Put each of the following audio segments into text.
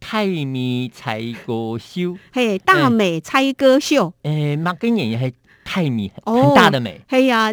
泰米猜歌秀，嘿，大美猜歌秀，誒、嗯，麥根爺爺係泰米，哦、很大的美，係呀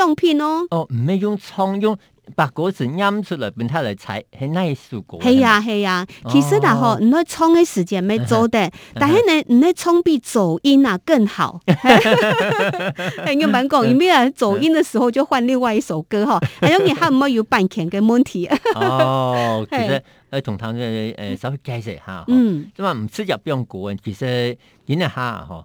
唱片咯，哦唔係用葱，用白果子音出來俾他嚟踩喺那一首歌。係啊係啊，其實嗱嗬，唔去唱啲時間咪做的，但係呢唔去唱比走音啊更好。你唔好講，因為走音的時候就換另外一首歌嗬。係咁，而下唔好有版權嘅問題。哦，其實誒同譚誒誒稍微介紹下，嗯，咁啊唔出合邊樣歌，其實點下嗬。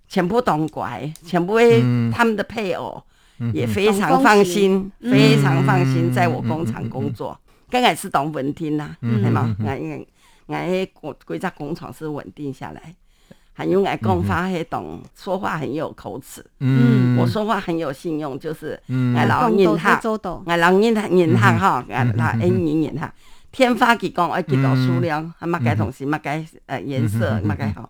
全部懂乖，全部會，他們的配偶也非常放心，非常放心在我工廠工作。剛剛是懂文定啦，嗯，係嘛？俺俺俺，我規家工廠是穩定下來。還有俺講話，嘿懂，說話很有口齒。嗯，我說話很有信用，就是俺老念他，俺老念他念他哈，俺俺哎念念他。天發給工，哎給到數量，還冇改東西，冇改呃顏色，冇改好。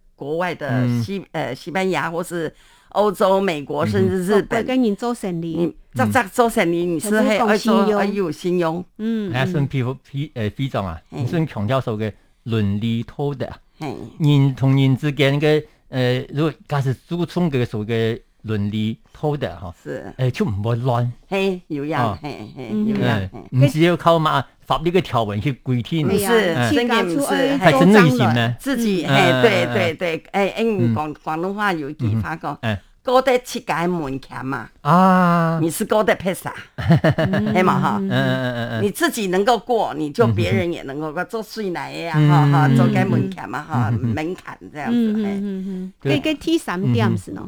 國外的西、嗯、呃西班牙或是歐洲、美國，甚至是日本。你扎扎做生理，你是很有很有信用。嗯，還信皮膚皮呃皮長啊，信強調說嘅倫理道德啊，人同人之間嘅呃，如果假是注重嘅手嘅。倫理道德嚇，是，誒就不會亂，嘿有樣，嘿嘿有樣，唔係要靠嘛法律的條文去規定，是，是，真嘅是，係，是，是，係內心自己誒，對對對，誒誒，廣廣東話有句話講，過得設計門檻嘛，啊，你是過得偏啥，嘿嘛哈，你自己能夠過你就別人也能夠過，做出來呀，嚇嚇，做啲門檻嘛，嚇門檻，這樣子，嗯嗯可以提三點是呢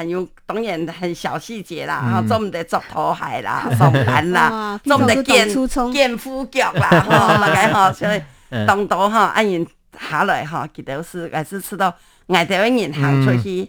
很有，當然很小細節啦，哈、嗯，做唔得着拖鞋啦，上班啦，做唔哇得見健褲腳、嗯、啦，所以，當到哈，阿人、啊、下來哈，佢都是還是知到，挨到阿人行出去。嗯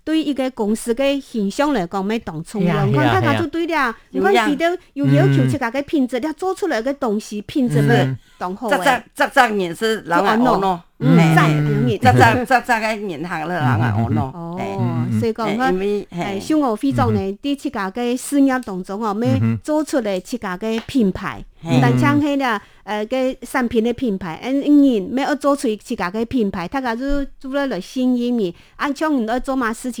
對一個公司的形象來講，咪當重要。你看，他家做對啦，你看，記得又要求自家嘅品質，你做出來嘅東西品質咪當好嘅。嗯，所以講，我誒，像我非常咧，啲自家嘅事業當中哦，咪做出嚟自家嘅品牌。唔但像係咧，誒，嘅產品嘅品牌，嗯，人咪要做出自家嘅品牌，他家就做了來信任咪。啊，像你要做嘛事情。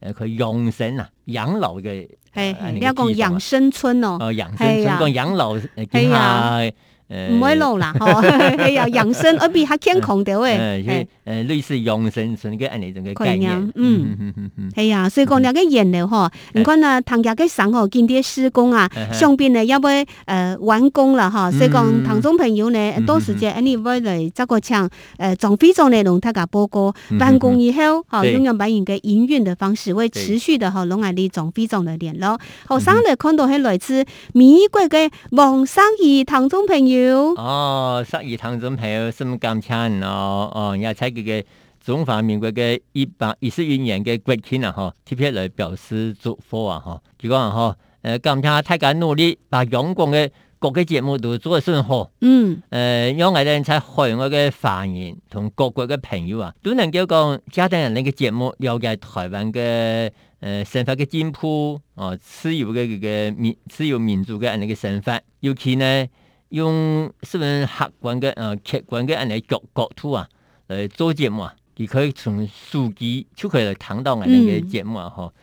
誒佢養生啊，養老嘅，嘿啊、你、啊、你要講養生村哦，哦養生村呀講養養老誒叫呀唔會老啦，又養生，嗰比較健康啲喂。誒誒，類似養生嗰啲咁嘅概念。嗯嗯嗯嗯，係啊。所以講啲嘅人咧，吼，你看啊，唐家嘅省號見啲施工啊，上邊咧要唔要誒完工啦？嗬。所以講，唐總朋友咧，多時即係 anyway 嚟走過場。誒，壯飛莊咧同大家報告完工以後嗬，用用百年嘅營運的方式，會持續的嗬，同我哋壯飛莊嚟聯絡。後生咧看到係來自美國嘅黃生義唐總朋友。哦，十二 t o w n 什麼感？感 d 係哦哦，又採佢嘅中華民國嘅一百一十一年嘅國慶啊嗬，特別來表示祝福啊嗬，就講嗬，誒感謝大家努力，把香港嘅各個節目都做嘅順賀，嗯誒、mm. 呃，因為咧在海外嘅繁言同各國嘅朋友啊，都能夠講家庭人哋嘅節目尤其係台灣嘅誒、呃，生活嘅進步、哦、呃，自由嘅嘅民，自由民主嘅人嘅想法，尤其呢。用新聞客觀的、呃，客觀的、人嚟角角度啊，來、呃、做節目啊，從數據就可以來談到我哋嘅節目啊，吼、嗯。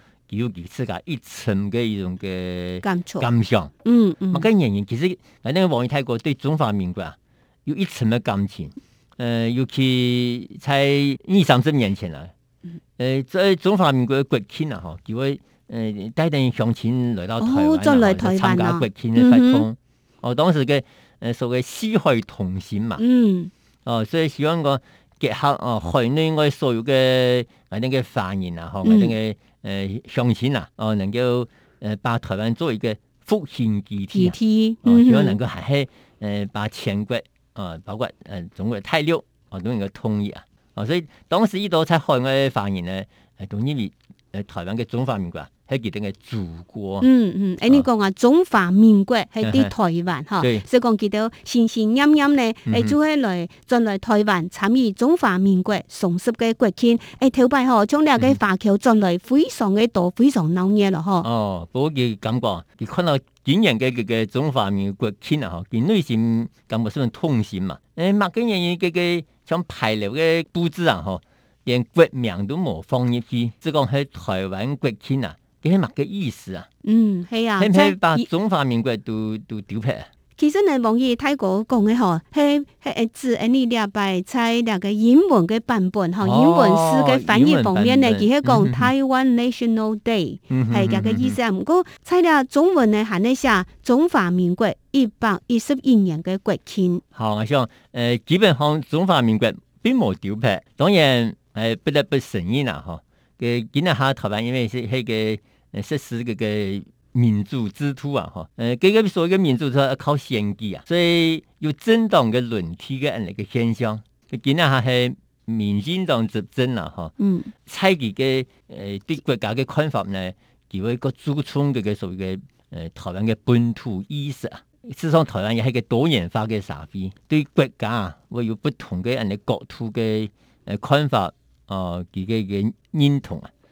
其有啲似噶，一層嘅一種嘅感感想，嗯嗯，咁啲人其實嗱，個王毅太過，對中華民國啊，有一層嘅感情，誒、呃，尤其在二三十年前啊，誒、呃，即係中華民國嘅國慶啊，嗬，如果帶帶啲鄉親嚟到台灣,、啊哦台灣啊、參加國慶嘅活動，嗯、哼哦，當時嘅誒、呃、所謂四海同心嘛，嗯，哦，所以希望講。結合哦，去呢個所有嘅呃啲嘅繁言，啊，嗬、嗯，嗰啲嘅誒，上啊，哦，能夠誒把台灣作為一個復興基地，嗯，只要能夠喺誒把全國啊，包括誒，中國嘅大陸，哦，都能夠統一啊，哦，所以當時呢度海外嘅繁言呢，係同呢啲誒台灣嘅中華民國係佢哋嘅祖國，嗯嗯，誒，你講啊，中華民國喺啲台灣嗬，即講佢哋戇戇陰陰咧，誒，就起嚟進來台灣參與中華民國雙十嘅國慶，誒，頭擺嗬，將啲個華僑，進來，非常嘅多，非常鬧熱咯，嗬。哦，我嘅感覺，你看到遠人嘅佢嘅中華民國慶啊，佢內心感覺係種痛心嘛。誒，墨鏡嘢嘢嘅嘅，將排流嘅布子啊，嗬，連國名都冇放一次，即講，喺台灣國慶啊。幾個墨個意思啊？嗯，係啊，係咪是以把中華民國都、嗯、都丟皮？其實呢，網易泰國講嘅吼，嗬，係係字呢啲啊，拜在兩個英文的版本，哈、哦，英文詩的翻譯方面呢，佢係講台灣 National Day，係咁、嗯、個意思。咁過材了中文呢，行一寫中華民國一百一十一年嘅國慶。好，我想誒，基本上中華民國並冇丟皮，當然係、呃、不得不承認啦，嗬。嘅見到下頭版，因為是係、那個。實、呃、施這個民主制度啊！哈、呃，誒，佢個所謂嘅民主就、啊、靠選舉啊，所以有政黨嘅輪替嘅一個現象。佢見一下係民進黨執政啊，哈，嗯，差啲嘅誒對國家嘅看法呢，就會個注重佢嘅所謂嘅誒台灣嘅本土意識啊。事實上，台灣又係個多元化嘅社會，對國家會、啊、有不同嘅人嘅國土嘅誒看法啊，而嘅認同啊。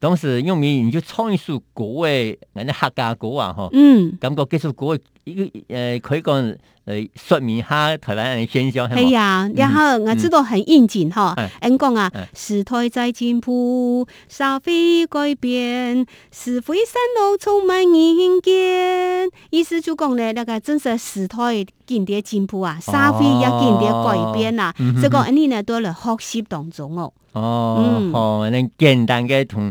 當時用面就唱一首歌嘅，嗱，啲客家歌啊，嗯，感覺這首歌，依誒，可以講嚟說明下台灣嘅現象。係啊，然後我知道很應景，哈講啊，時代在進步，社會改變，是非新路充滿迎接。意思就講咧，那個真是時代漸漸進步啊，社會也漸漸改變啊，即係講你呢，多嚟學習當中哦。哦，好，你簡單嘅同。